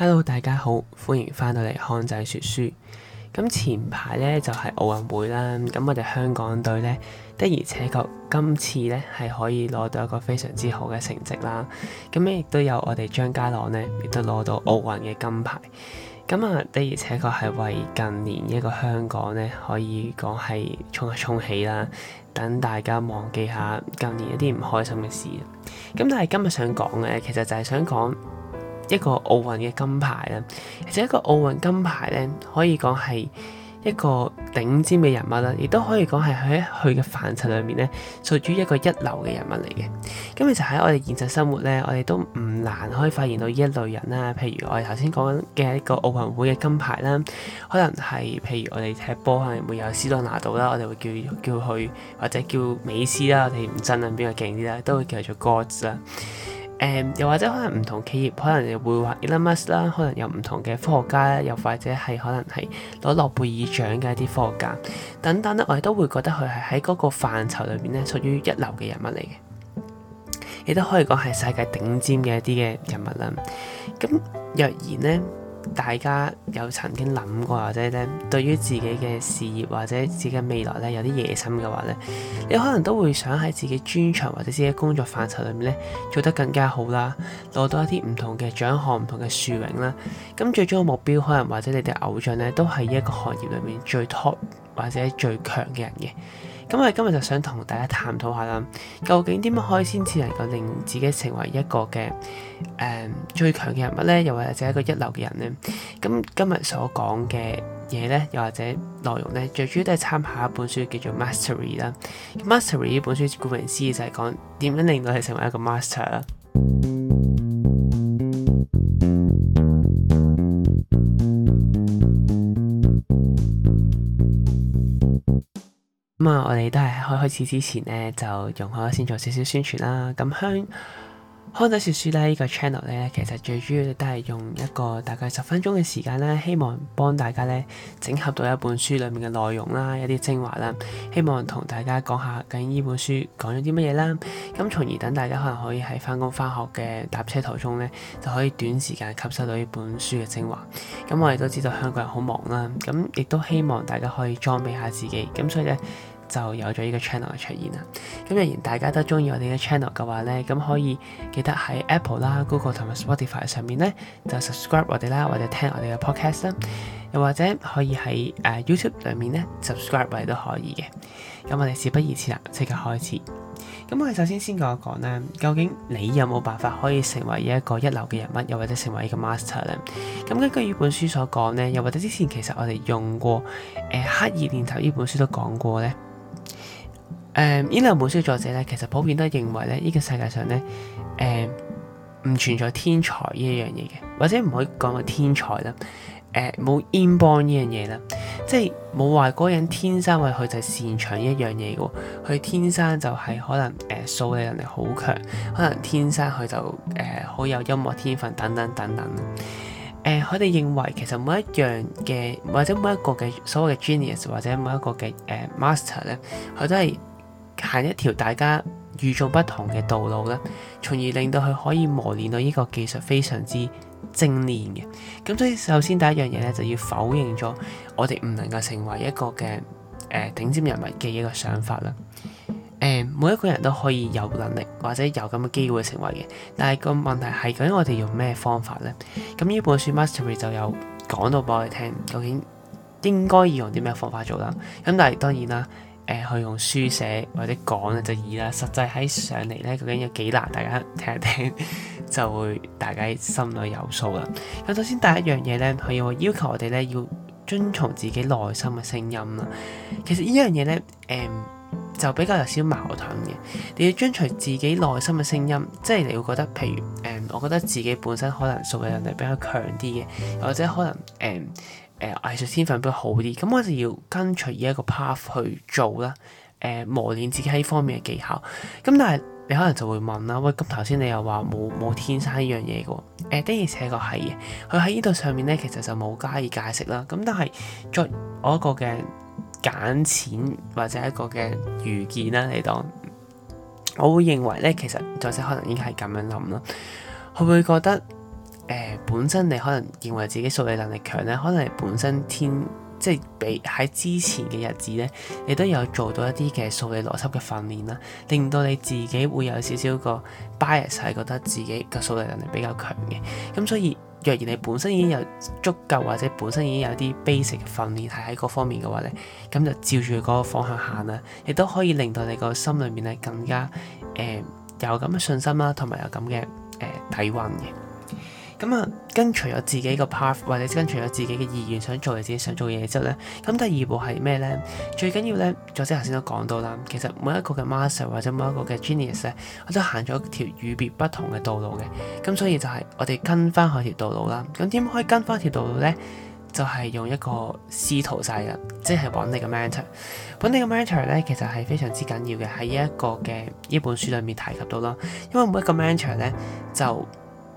Hello，大家好，歡迎翻到嚟康仔說書。咁前排咧，就係奧運會啦，咁我哋香港隊咧的而且確今次咧係可以攞到一個非常之好嘅成績啦。咁咧亦都有我哋張家朗咧亦都攞到奧運嘅金牌。咁啊的而且確係為近年一個香港咧可以講係衝一衝起啦，等大家忘記下近年一啲唔開心嘅事。咁但係今日想講嘅其實就係想講。一個奧運嘅金牌啦，其實一個奧運金牌咧，可以講係一個頂尖嘅人物啦，亦都可以講係喺佢嘅範疇裏面咧，屬於一個一流嘅人物嚟嘅。咁其實喺我哋現實生活咧，我哋都唔難可以發現到呢一類人啦。譬如我哋頭先講嘅一個奧運會嘅金牌啦，可能係譬如我哋踢波可能會有斯多拿度啦，我哋會叫叫佢或者叫美斯啦，我哋唔爭論啦，邊個勁啲啦，都會叫佢做 Gods 啦。誒、嗯，又或者可能唔同企業，可能又會話 Elon Musk 啦，可能有唔同嘅科學家咧，又或者係可能係攞諾貝爾獎嘅一啲科學家等等咧，我哋都會覺得佢係喺嗰個範疇裏邊咧，屬於一流嘅人物嚟嘅，亦都可以講係世界頂尖嘅一啲嘅人物啦。咁若然呢？大家有曾經諗過，或者咧對於自己嘅事業或者自己嘅未來咧有啲野心嘅話咧，你可能都會想喺自己專長或者自己工作範疇裏面咧做得更加好啦，攞到一啲唔同嘅獎項、唔同嘅殊榮啦。咁最終嘅目標可能或者你哋偶像咧，都係一個行業裏面最 top 或者最強嘅人嘅。咁我哋今日就想同大家探討下啦，究竟點樣可以先至能夠令自己成為一個嘅誒、呃、最強嘅人物咧，又或者一個一流嘅人咧？咁今日所講嘅嘢咧，又或者內容咧，最主要都係參考一本書叫做《Mastery》啦，《Mastery》呢本書顧名思義就係講點樣令到你成為一個 master 啦。咁啊、嗯，我哋都係開開始之前咧，就容許我先做少少宣傳啦。咁香。康德說書咧呢、這個 channel 咧，其實最主要都係用一個大概十分鐘嘅時間咧，希望幫大家咧整合到一本書裏面嘅內容啦，一啲精華啦，希望同大家講下究竟呢本書講咗啲乜嘢啦，咁、嗯、從而等大家可能可以喺返工返學嘅搭車途中咧，就可以短時間吸收到呢本書嘅精華。咁、嗯、我哋都知道香港人好忙啦，咁、嗯、亦都希望大家可以裝備下自己，咁、嗯、所以呢。就有咗呢個 channel 嘅出現啦。咁若然大家都中意我哋嘅 channel 嘅話呢，咁可以記得喺 Apple 啦、Google 同埋 Spotify 上面呢，就 subscribe 我哋啦，或者聽我哋嘅 podcast 啦，又或者可以喺誒、uh, YouTube 裏面呢 subscribe 我哋都可以嘅。咁我哋事不宜遲啦，即刻開始。咁我哋首先先講一講呢，究竟你有冇辦法可以成為一個一流嘅人物，又或者成為一個 master 呢？咁根據呢本書所講呢，又或者之前其實我哋用過誒《刻意練習》呢本書都講過呢。誒呢兩本書作者咧，其實普遍都認為咧，呢、這個世界上咧，誒、呃、唔存在天才呢一樣嘢嘅，或者唔可以講話天才啦，誒、呃、冇 inborn 呢樣嘢啦，即係冇話嗰個人天生為佢就擅長一樣嘢嘅，佢天生就係可能誒、呃、數理能力好強，可能天生佢就誒好、呃、有音樂天分等等等等。誒佢哋認為其實每一樣嘅或者每一個嘅所謂嘅 genius 或者每一個嘅誒、呃、master 咧，佢都係。行一條大家與眾不同嘅道路啦，從而令到佢可以磨練到呢個技術非常之精煉嘅。咁所以首先第一樣嘢咧，就要否認咗我哋唔能夠成為一個嘅誒、呃、頂尖人物嘅一個想法啦。誒、呃，每一個人都可以有能力或者有咁嘅機會成為嘅，但係個問題係究竟我哋用咩方法咧？咁呢本書 Mastery 就有講到俾我哋聽，究竟應該要用啲咩方法做啦。咁但係當然啦。誒、呃、去用書寫或者講咧就易啦，實際喺上嚟咧究竟有幾難？大家聽一聽 就會大家心裏有數啦。咁首先第一樣嘢咧，佢要要求我哋咧要遵從自己內心嘅聲音啦。其實呢樣嘢咧誒就比較有少矛盾嘅，你要遵從自己內心嘅聲音，即係你會覺得譬如誒、嗯，我覺得自己本身可能數嘅能力比較強啲嘅，或者可能誒。嗯誒、呃、藝術天分比較好啲，咁我就要跟隨呢一個 path 去做啦。誒、呃、磨練自己喺方面嘅技巧。咁但係你可能就會問啦，喂，咁頭先你又話冇冇天生呢樣嘢嘅？誒、呃、的而且確係嘅，佢喺呢度上面咧，其實就冇加以解釋啦。咁但係作我一個嘅揀錢或者一個嘅預見啦，你當我會認為咧，其實作者可能已經係咁樣諗啦，佢會，會覺得。呃、本身你可能認為自己數理能力強呢，可能係本身天即係比，喺之前嘅日子呢，你都有做到一啲嘅數理邏輯嘅訓練啦，令到你自己會有少少個 bias 係覺得自己嘅數理能力比較強嘅。咁所以若然你本身已經有足夠或者本身已經有啲 basic 嘅訓練係喺嗰方面嘅話呢，咁就照住嗰個方向行啦，亦都可以令到你個心裏面呢更加誒、呃、有咁嘅信心啦，同埋有咁嘅誒底蘊嘅。咁啊，跟隨咗自己個 path 或者跟隨咗自己嘅意願想做自己想做嘅嘢之後咧，咁第二步係咩咧？最緊要咧，作者係頭先都講到啦。其實每一個嘅 master 或者每一個嘅 genius 咧，我都行咗條與別不同嘅道路嘅。咁所以就係我哋跟翻嗰條道路啦。咁點可以跟翻一條道路咧？就係、是、用一個師徒制嘅，即係揾你嘅 mentor。揾你嘅 mentor 咧，其實係非常之緊要嘅，喺呢一個嘅呢本書裡面提及到啦。因為每一個 mentor 咧就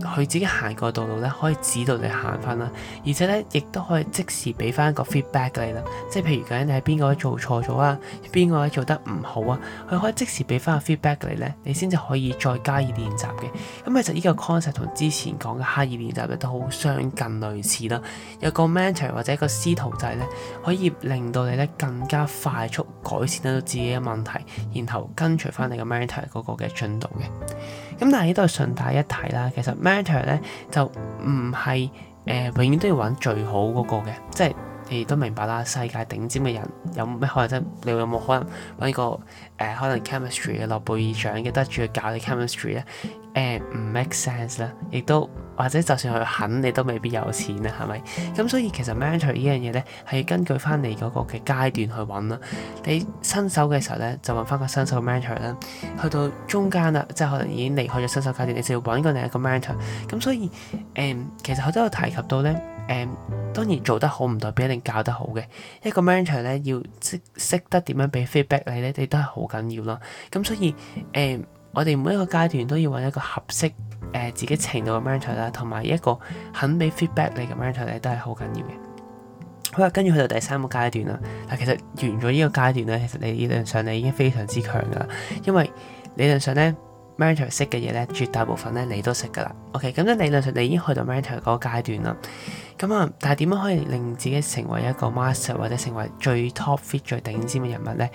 佢自己行過道路咧，可以指導你行翻啦，而且咧亦都可以即時俾翻一個 feedback 你啦。即係譬如究竟你係邊個做錯咗啊？邊個做得唔好啊？佢可以即時俾翻個 feedback 你咧，你先至可以再加以練習嘅。咁、嗯、其實呢個 concept 同之前講嘅刻意練習咧都好相近類似啦。有個 mentor 或者一個師徒制咧，可以令到你咧更加快速改善得到自己嘅問題，然後跟隨翻你 mentor 個 mentor 嗰個嘅進度嘅。咁但係呢都係順帶一提啦，其實 matter 咧就唔係誒永遠都要揾最好嗰個嘅，即係你都明白啦，世界頂尖嘅人有咩可能？即係你有冇可能揾個？誒、呃、可能 chemistry 嘅諾貝爾獎嘅得主去教你 chemistry 咧、呃，誒唔 make sense 啦，亦都或者就算佢肯，你都未必有錢啦，係咪？咁所以其實 mentor 呢樣嘢咧，係根據翻你嗰個嘅階段去揾啦。你新手嘅時候咧，就揾翻個新手 mentor 啦。去到中間啦，即係可能已經離開咗新手階段，你就要揾個另一個 mentor 咁所以誒、呃、其實多我都有提及到咧，誒、呃、當然做得好唔代表一定教得好嘅。一個 mentor 咧要識識得點樣俾 feedback 你咧，你都係好。好緊要咯，咁、嗯、所以誒、呃，我哋每一個階段都要揾一個合適誒、呃、自己程度嘅 mentor 啦，同埋一個肯俾 feedback 你嘅 mentor 咧，都係好緊要嘅。好啦，跟住去到第三個階段啦，但其實完咗呢個階段咧，其實你理論上你已經非常之強噶啦，因為理論上咧。mentor 識嘅嘢咧，絕大部分咧你都識噶啦。OK，咁即理論上你已經去到 mentor 嗰個階段啦。咁啊，但係點樣可以令自己成為一個 master 或者成為最 top fit 最頂尖嘅人物咧？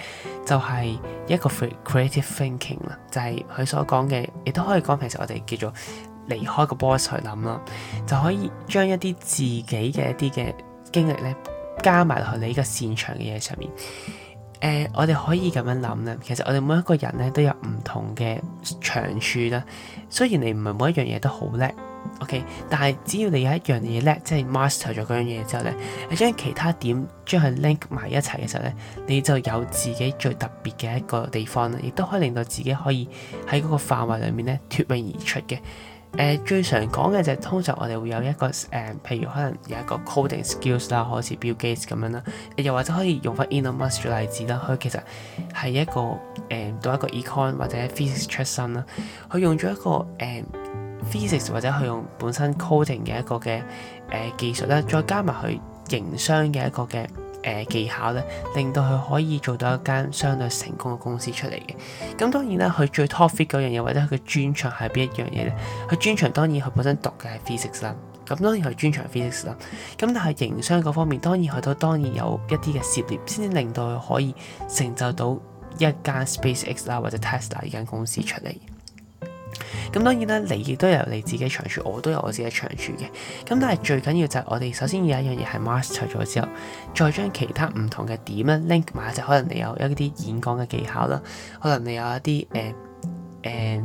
就係、是、一個 free creative thinking 啦，就係、是、佢所講嘅，亦都可以講其實我哋叫做離開個 box 去諗啦，就可以將一啲自己嘅一啲嘅經歷咧加埋落去你嘅擅長嘅嘢上面。誒、呃，我哋可以咁樣諗咧。其實我哋每一個人咧都有唔同嘅長處啦。雖然你唔係每一樣嘢都好叻，OK，但係只要你有一樣嘢叻，即係 master 咗嗰樣嘢之後咧，你將其他點將佢 link 埋一齊嘅時候咧，你就有自己最特別嘅一個地方啦。亦都可以令到自己可以喺嗰個範圍裡面咧脫穎而出嘅。誒、呃、最常講嘅就係通常我哋會有一個誒、呃，譬如可能有一個 coding skills 啦，好似 Bill Gates 咁樣啦，又或者可以用返 Elon Musk 例子啦，佢其實係一個誒、呃、到一個 econ 或者 physics 出身啦，佢用咗一個誒、呃、physics 或者佢用本身 coding 嘅一個嘅誒、呃、技術啦，再加埋佢營商嘅一個嘅。誒、呃、技巧咧，令到佢可以做到一間相對成功嘅公司出嚟嘅。咁當然啦，佢最 top fit 嗰樣又或者佢專長係邊一樣嘢咧？佢專長當然佢本身讀嘅係 physics 啦。咁當然佢專長 physics 啦。咁但係營商嗰方面，當然佢都當然有一啲嘅涉獵，先至令到佢可以成就到一間 SpaceX 啦，或者 Tesla 呢間公司出嚟。咁當然啦，你亦都有你自己長處，我都有我自己長處嘅。咁但係最緊要就係我哋首先有一樣嘢係 master 咗之後，再將其他唔同嘅點咧 link 埋一齊。可能你有一啲演講嘅技巧啦，可能你有一啲誒誒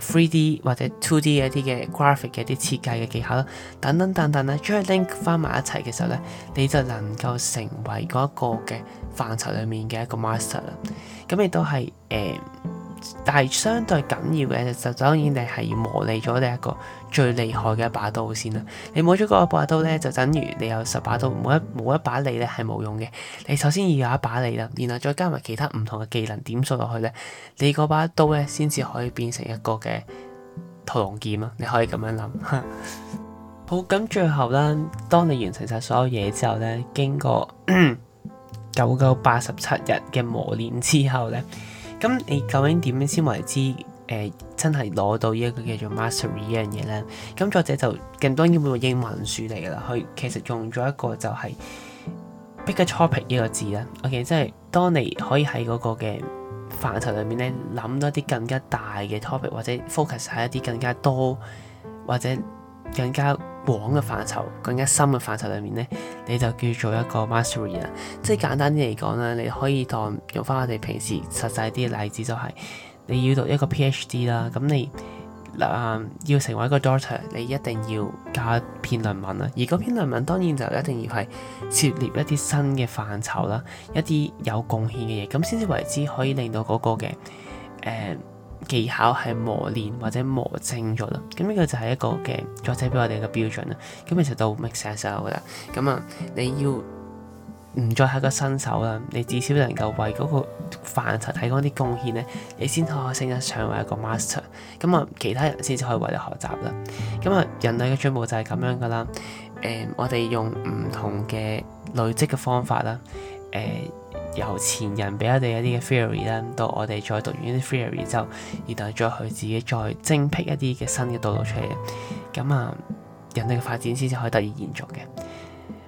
three D 或者 two D 嘅一啲嘅 graphic 嘅一啲設計嘅技巧啦，等等等等啦。將佢 link 返埋一齊嘅時候咧，你就能夠成為嗰一個嘅範疇裡面嘅一個 master 啦。咁亦都係誒。呃但係相對緊要嘅就當然你係要磨利咗你一個最厲害嘅一把刀先啦。你冇咗嗰把刀咧，就等於你有十把刀，冇一冇一把利咧係冇用嘅。你首先要有一把利啦，然後再加埋其他唔同嘅技能點數落去咧，你嗰把刀咧先至可以變成一個嘅屠龍劍啊！你可以咁樣諗。 好，咁最後啦，當你完成晒所有嘢之後咧，經過 九九八十七日嘅磨練之後咧。咁你究竟點樣先為之誒、呃、真係攞到呢一個叫做 mastery 呢樣嘢咧？咁作者就更多用到英文書嚟㗎啦。佢其實用咗一個就係 bigger topic 呢個字啦。OK，即係當你可以喺嗰個嘅範疇裏面咧，諗多啲更加大嘅 topic，或者 focus 喺一啲更加多或者更加。往嘅範疇，更加深嘅範疇裏面呢，你就叫做一個 master 啦。即係簡單啲嚟講啦，你可以當用翻我哋平時實際啲嘅例子、就是，就係你要讀一個 PhD 啦，咁你啊、呃、要成為一個 doctor，你一定要搞一篇論文啦。而嗰篇論文當然就一定要係涉獵一啲新嘅範疇啦，一啲有貢獻嘅嘢，咁先至為之可以令到嗰個嘅誒。呃技巧係磨練或者磨精咗啦，咁呢、這個就係一個嘅作者俾我哋嘅標準啦。咁其實到 master 啦，咁啊你要唔再係一個新手啦，你至少能夠為嗰個範疇提供啲貢獻咧，你先可以升得上為一個 master。咁啊，其他人先至可以為你學習啦。咁啊，人類嘅進步就係咁樣噶啦。誒、呃，我哋用唔同嘅累積嘅方法啦，誒、呃。由前人俾我哋一啲嘅 theory 啦，到我哋再讀完呢啲 theory 之後，然後再去自己再精闢一啲嘅新嘅道路出嚟，咁啊人類嘅發展，先至可以得以延續嘅。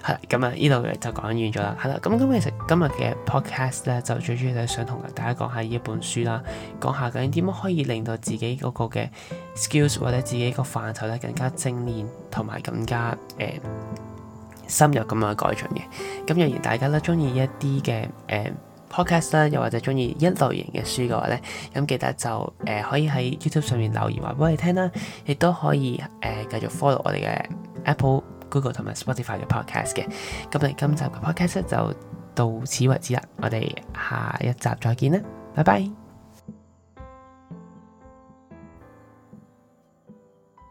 係、嗯、咁啊呢度就講完咗啦。係、嗯、啦，咁咁其實今日嘅 podcast 咧就最主要就係想同大家講下呢一本書啦，講下究竟點樣可以令到自己嗰個嘅 skills 或者自己個範疇咧更加精練同埋更加誒。嗯深入咁樣改進嘅，咁若然大家都中意一啲嘅誒 podcast 啦，又或者中意一類型嘅書嘅話咧，咁記得就誒可以喺 YouTube 上面留言話俾我哋聽啦，亦都可以誒繼續 follow 我哋嘅 Apple、Google 同埋 Spotify 嘅 podcast 嘅，咁我哋今集嘅 podcast 就到此為止啦，我哋下一集再見啦，拜拜。